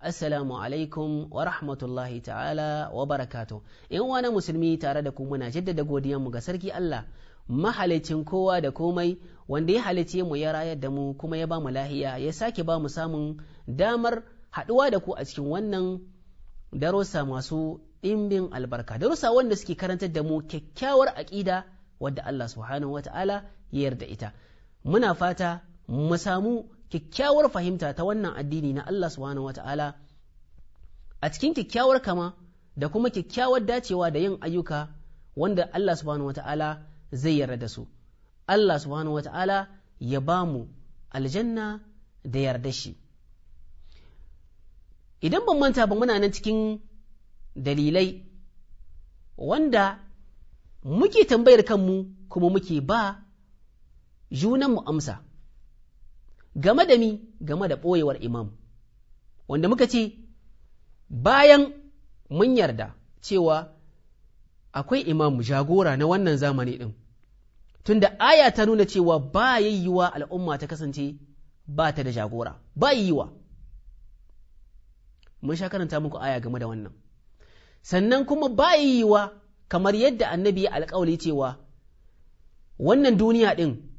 Assalamu alaikum wa rahmatullahi ta'ala wa barakatu. In wani musulmi tare da ku muna jaddada godiyanmu ga sarki Allah, mahalicin kowa da komai wanda ya halice mu ya rayar da mu kuma ya ba mu lahiya ya sake ba mu samun damar haɗuwa da ku a cikin wannan darussa masu ɗimbin albarka. Darussa wanda suke karantar da mu kyakkyawar aƙida wadda Allah subhanahu wa ta'ala ya yarda ita. Muna fata mu samu kyakkyawar fahimta ta wannan addini na Allah subhanahu wata'ala a cikin kyakkyawar kama da kuma kyakkyawar dacewa da yin ayyuka wanda Allah subhanahu wata'ala zai yarda da su Allah subhanahu wata'ala ya ba mu aljanna da yarda shi idan ban manta ba muna nan cikin dalilai wanda muke tambayar kanmu kuma muke ba mu amsa game da mi game da ɓoyewar imam wanda muka ce bayan mun yarda cewa akwai imam jagora na wannan zamani ɗin tunda aya ta nuna cewa ba yayyuwa al'umma ta kasance ba ta da jagora ba yiwa mun sha karanta muku aya game da wannan sannan kuma ba yiwa kamar yadda annabi ya alƙawali cewa wannan duniya ɗin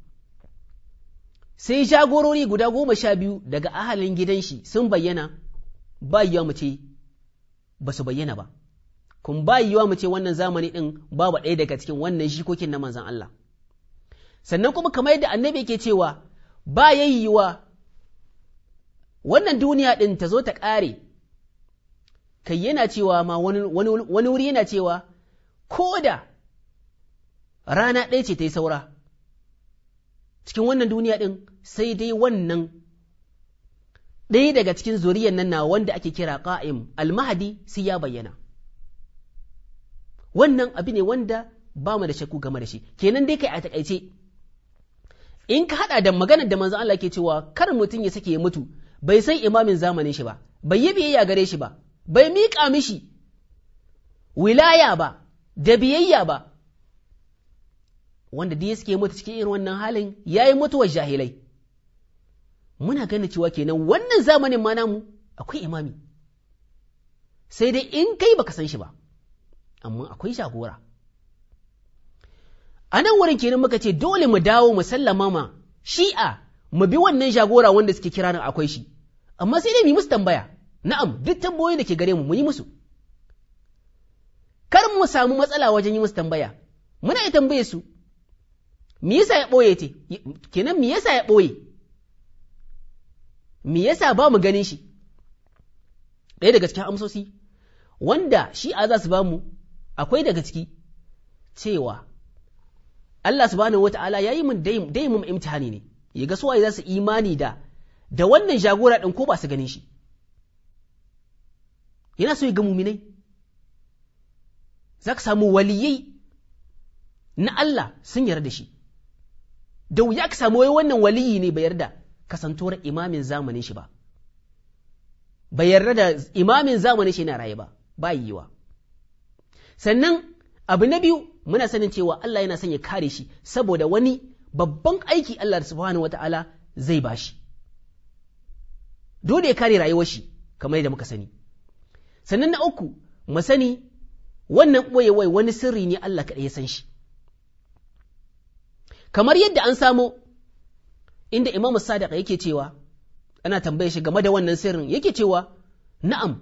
sai jagorori guda goma sha biyu daga ahalin gidan shi sun bayyana ba yiwa mu ce ba su bayyana ba kun ba yi mu ce wannan zamani din babu ɗaya daga cikin wannan shikokin na manzan Allah sannan kuma kamar yadda annabi ke cewa ba ya yiwa wannan duniya din ta zo ta ƙare kai yana cewa ma wani wuri yana cewa ko da rana ɗaya ce ta yi saura cikin wannan duniya ɗin sai dai wannan ɗaya daga cikin zuriyar nan na wanda ake kira ƙa'im almahadi sai ya bayyana wannan abu ne wanda ba mu da shakku game da shi kenan dai kai a taƙaice. in ka haɗa da maganar da manzon Allah ke cewa kar mutum ya sake ya mutu bai san imamin zamanin shi ba bai yi biyayya gare shi ba bai miƙa mishi wilaya ba da biyayya ba wanda duk suke mutu cikin irin wannan halin ya yi mutuwar jahilai muna ganin cewa kenan wannan zamanin ma namu akwai imami sai dai in kai baka san shi ba amma akwai jagora a nan wurin kenan muka ce dole mu dawo mu sallama ma shi'a mu bi wannan jagora wanda suke kira nan akwai shi amma sai dai mu yi musu tambaya na'am duk tambayoyin da ke gare mu mu yi musu kar mu samu matsala wajen yi musu tambaya muna yi tambaye su me yasa ya ɓoye te kenan me yasa ya ɓoye me yasa ba mu ganin shi ɗaya daga cikin amsosi wanda shi a za su ba mu akwai daga ciki cewa Allah subhanahu wata'ala ya yi mun daimun imtihani ne ya ga suwaye za su imani da da wannan jagora ɗin ko ba su ganin shi yana so ya ga muminai za ka samu waliyai na Allah sun yarda da shi da wuya ka samu wannan waliyi ne bai yarda kasantuwar imamin zamanin shi ba bai yarda da imamin zamanin shi na raye ba ba yiwa sannan abu na biyu muna sanin cewa Allah yana son ya kare shi saboda wani babban aiki Allah subhanahu wata'ala zai ba shi. dole ya kare rayuwar shi kamar yadda muka sani sannan na uku mu sani wannan ɓoyewai wani sirri ne Allah kaɗai ya san shi kamar yadda an samo inda imamu sadiq yake cewa ana tambaye shi game da wannan sirrin yake cewa na'am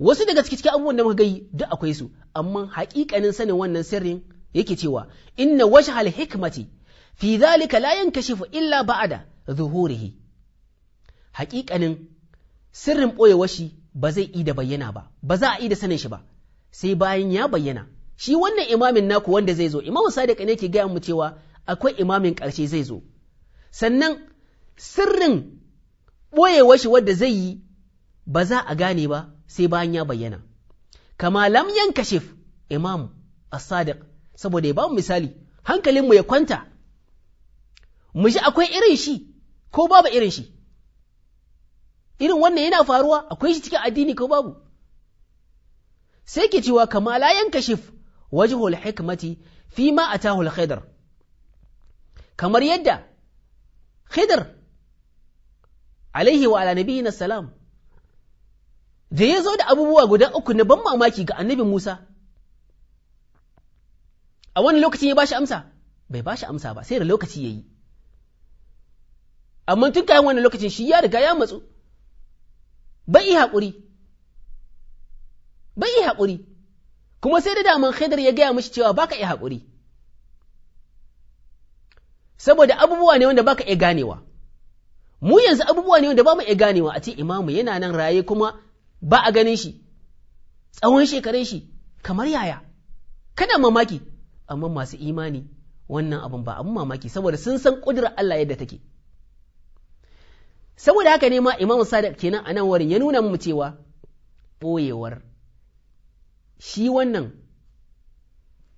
wasu daga cikin abubuwan da muka gai duk akwai su amma haƙiƙanin sanin wannan sirrin yake cewa inna wajhal hikmati fi dhalika la yankashifu illa ba'ada zuhurihi haƙiƙanin sirrin ɓoye shi ba zai yi da bayyana ba ba za a yi da sanin shi ba sai bayan ya bayyana shi wannan imamin naku wanda zai zo imamu Sadaka ne ke gaya mu cewa akwai imamin ƙarshe zai zo sannan sirrin ɓoyewa shi wadda zai yi ba za a gane ba sai bayan ya bayyana kama lam yankashif imam as-sadiq saboda ya ba mu misali hankalinmu ya kwanta mu ji akwai irin shi ko babu irin shi irin wannan yana faruwa akwai shi cikin addini ko babu sai ke cewa kama la yankashif wajihul hikmati fi ma a tahul khaidar kamar yadda Khidr alaihi wa ala nabiyina salam da ya zo da abubuwa guda uku na ban mamaki ga annabi Musa a wani lokacin ya bashi amsa bai bashi amsa ba sai da lokaci yayi amma tun kayan wannan lokacin shi ya riga ya matsu bai yi haƙuri bai yi haƙuri kuma sai da daman Khidr ya gaya mishi cewa baka yi haƙuri saboda abubuwa ne wanda baka iya ganewa mu yanzu abubuwa ne wanda ba mu iya ganewa a ce imamu yana nan raye kuma ba a ganin shi tsawon shekarun shi kamar yaya kana mamaki amma masu imani wannan abin ba abin mamaki saboda sun san kudura Allah yadda take saboda haka ne ma Imam Sadiq kenan a nan wurin ya nuna mu cewa ɓoyewar shi wannan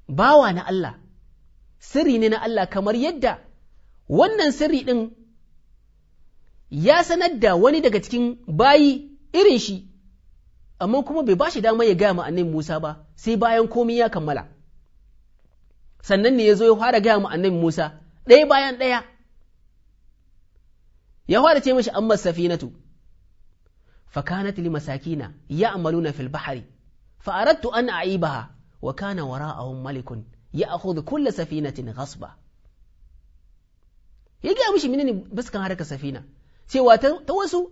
bawa na Allah sirri ne na Allah kamar yadda wannan sirri ɗin ya sanar da wani daga cikin bayi irin shi amma kuma bai ba shi dama ya gaya ma annabi Musa ba sai bayan komai ya kammala sannan ne ya zo ya fara gaya ma annabi Musa ɗaya bayan ɗaya ya fara ce mashi amma safinatu fakanat li masakina ya amaluna fil bahari fa an a'ibaha wa kana wara'ahum malikun ya akhudhu kulla safinatin ghasba ya gaya mishi ne baskan harkar safina cewa ta wasu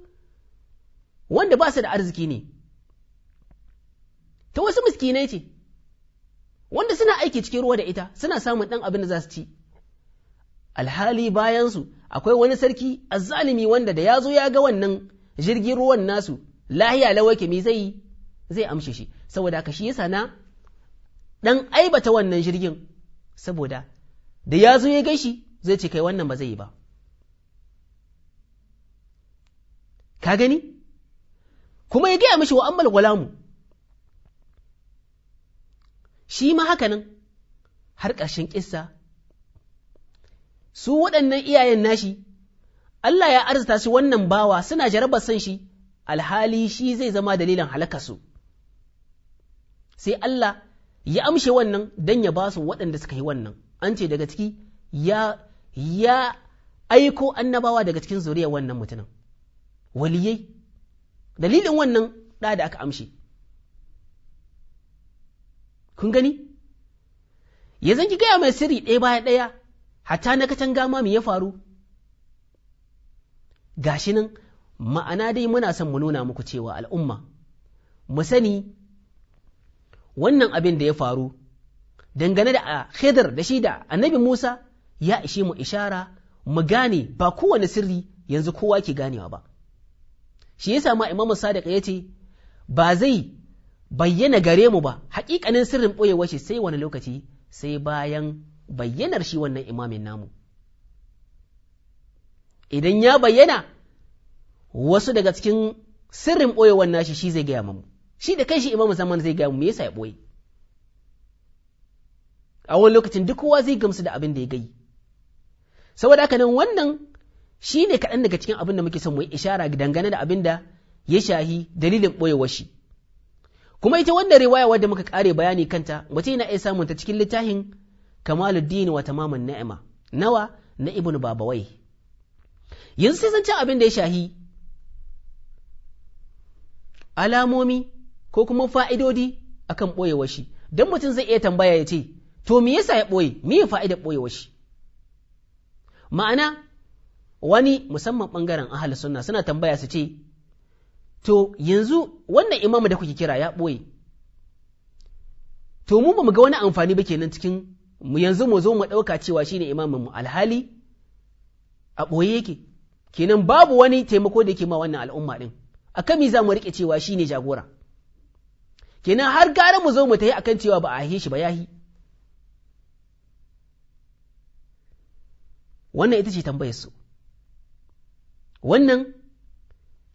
wanda ba su da arziki ne ta wasu miskinai ce wanda suna aiki cikin ruwa da ita suna samun ɗan abin da za su ci alhali bayansu akwai wani sarki azalimi wanda da ya zo ya ga wannan jirgin ruwan nasu lahiya lawake me zai zai amshe shi saboda haka shi yasa na dan aibata wannan jirgin saboda da ya zo ya gashi zai ce kai wannan ba zai yi ba ka gani kuma ya gaya mishi wa ammal gulamu shi ma hakanan har ƙarshen ƙissa su waɗannan iyayen nashi Allah ya arzita su wannan bawa suna jarabar san shi alhali shi zai zama dalilin su. sai Allah ya amshe wannan don ya ba su waɗanda suka yi wannan an ce daga ciki ya ya aiko annabawa daga cikin zuriyar wannan mutumin waliyai dalilin wannan ɗa da aka amshi kun gani ya ki gaya mai sirri ɗaya baya ɗaya hatta na katanga ma me ya faru gashi nan ma'ana dai muna son mu nuna muku cewa al'umma mu sani wannan abin da ya faru dangane da a khidr da shi da annabi musa ya ishe mu ishara mu gane ba kowane sirri yanzu kowa ke ganewa ba shi yasa ma Imam Sadiq ya ce ba zai bayyana gare mu ba haƙiƙanin sirrin ɓoyewa shi sai wani lokaci sai bayan bayyanar shi wannan imamin namu idan ya bayyana wasu daga cikin sirrin ɓoyewar nashi shi zai gaya mu shi da kai shi imamu zaman zai gaya mu me yasa ya ɓoye a wani lokacin duk kowa zai gamsu da abin da ya gai saboda haka nan wannan shi ne kaɗan daga cikin abin da muke son mu ishara dangane da abin da ya shahi dalilin ɓoyewar shi kuma ita wanda riwaya wadda muka ƙare bayani kanta mace na iya samun ta cikin littafin kamaluddin wa tamamun na'ima nawa na ibnu babawai yanzu sai zan ci abin da ya shahi alamomi ko kuma fa'idodi akan ɓoyewar shi don mutum zai iya tambaya ya ce to me yasa ya ɓoye me ya fa'idar ɓoyewar shi ma'ana wani musamman ɓangaren ahal sunna suna tambaya su ce to yanzu wannan imamu da kuke kira ya ɓoye to mu ba mu ga wani amfani ba kenan cikin mu yanzu mu zo mu ɗauka cewa shine imamin mu alhali a ɓoye yake kenan babu wani taimako da yake ma wannan al'umma ɗin a kami za mu riƙe cewa shine jagora kenan har gara mu zo mu tafi akan cewa ba a shi ba yahi wannan ita ce tambayar wannan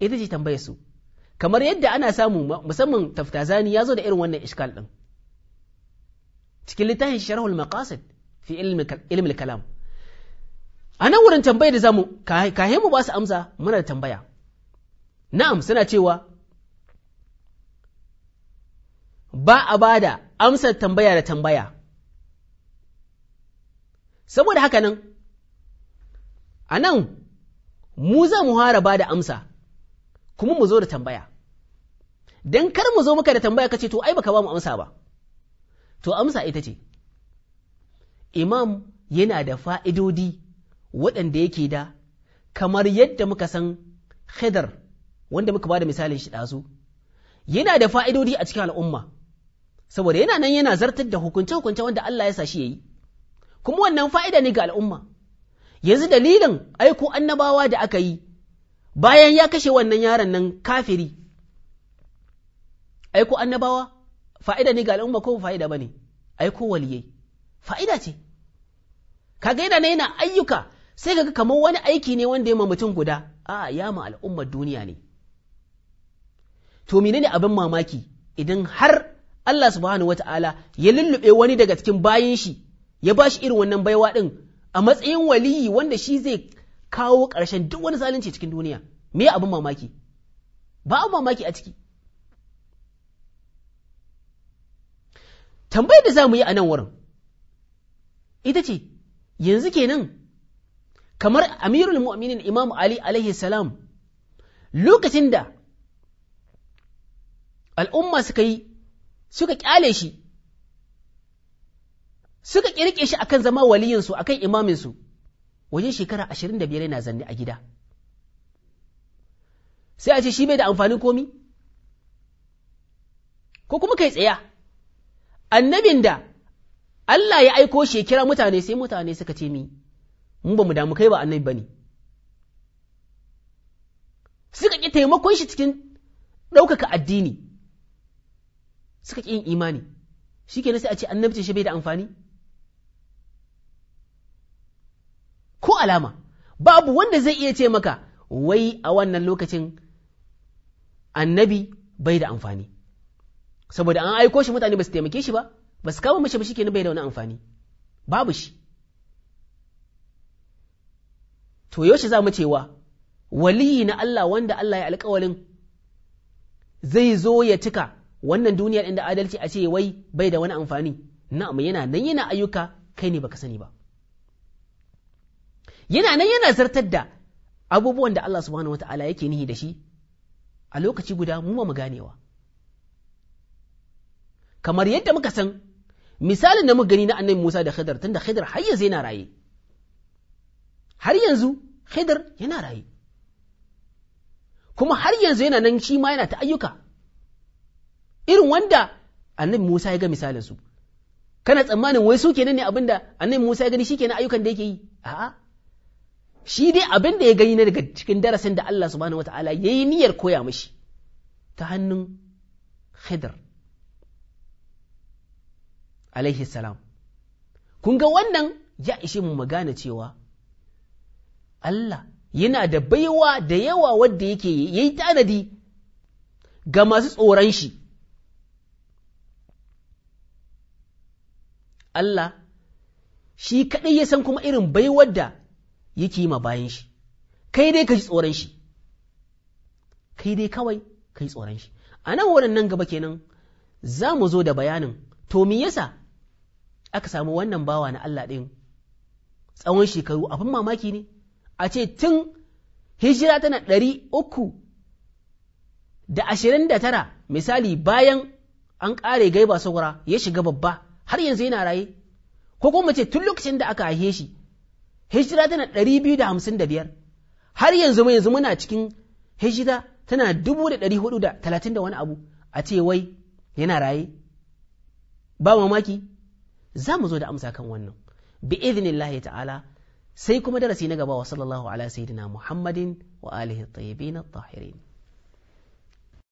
ita ce tambayar kamar yadda ana samu musamman taftazani ya zo da irin wannan iskal din cikin littafin sharhul maqasid fi ilmi kalam a nan wurin tambayar da zamu kahe mu ba su amsa muna da tambaya na'am suna cewa ba a bada amsar tambaya da tambaya saboda haka nan a nan mu za mu ba da amsa kuma mu zo da tambaya don kar mu zo muka da tambaya kace to ai baka ba mu amsa ba to amsa ita ce imam yana da fa'idodi waɗanda yake da kamar yadda muka san khidar wanda muka ba da misalin shi ɗazu yana da fa'idodi a cikin al'umma saboda yana nan yana zartar da hukunce-hukunce wanda Allah ya sa shi ya yi kuma wannan fa'ida ne ga al'umma yanzu dalilin aiko annabawa da aka yi bayan ya kashe wannan yaron nan kafiri aiko annabawa fa'ida ne ga al'umma ko fa'ida ba ne aiko waliyai fa'ida ce Ka yana na yana ayyuka sai kaga kamar wani aiki ne wanda ya ma mutum guda a ya ma al'ummar duniya ne to menene abin mamaki idan har Allah subhanahu wata'ala ya lullube wani daga cikin bayan shi ya bashi irin wannan baiwa din a matsayin waliyi wanda shi zai kawo ƙarshen duk wani zalunci cikin duniya me abin mamaki ba abin mamaki a ciki tambayar da za mu yi a nan wurin ita ce yanzu kenan kamar amirul mu'minin imam ali alaihi salam lokacin da al'umma suka yi suka kyale shi suka kirke shi akan zama waliyinsu akan imaminsu wajen shekara ashirin da biyar yana zanne a gida sai a ce shi bai da amfanin komi ko kuma kai tsaya annabin da Allah ya aiko shi kira mutane sai mutane suka ce mi mun ba mu damu kai ba annabi bane suka ki taimakon shi cikin ɗaukaka addini suka ƙi yin imani shi sai a ce annabci shi bai da amfani ko alama babu wanda zai iya ce maka wai a wannan lokacin annabi bai da amfani saboda an aiko shi mutane ba su taimake shi ba ba su kama mashi ba ke bai da wani amfani babu shi to yaushe za mu cewa waliyi na Allah wanda Allah ya alƙawarin zai zo ya cika wannan duniyar inda adalci a ce wai bai da wani amfani na'am yana nan yana ayyuka kai ne baka sani ba yana nan yana zartar da abubuwan da Allah subhanahu ta’ala yake nihi da shi a lokaci guda mu mu ganewa kamar yadda muka san misalin da muka gani na annabi Musa da Khidr tunda Khidr har yanzu yana raye har yanzu Khidr yana raye kuma har yanzu yana nan shi ma yana ta ayyuka irin wanda annabi Musa ya ga misalin su kana tsammanin wai su kenan ne abinda annabi Musa ya gani shi kenan ayyukan da yake yi a'a shi dai abin da ya gani na daga cikin darasin da Allah subhanahu wata'ala ya yi niyyar koya mashi ta hannun Khidr alaihi salam kun ga wannan ya ishe mu magana cewa Allah yana da baiwa da yawa wadda yake yayi tanadi ga masu tsoron shi Allah shi kaɗai ya san kuma irin baiwar da yake yi ma bayan shi kai dai ka ji tsoron shi kai dai kawai ka yi tsoron shi a nan wurin nan gaba kenan za mu zo da bayanin to me yasa aka samu wannan bawa na Allah ɗin tsawon shekaru abin mamaki ne a ce tun hijira tana ɗari uku da ashirin da tara misali bayan an ƙare gaiba saura ya shiga babba har yanzu yana raye ko kuma ce tun lokacin da aka haife shi hijira tana ɗari biyu da hamsin da biyar har yanzu mai yanzu muna cikin hijira tana dubu da ɗari hudu da talatin da wani abu a ce wai yana raye ba mamaki za mu zo da amsa kan wannan bi idhnillahi ta'ala sai kuma darasi na gaba wa sallallahu ala sayyidina muhammadin wa alihi tayyibin at-tahirin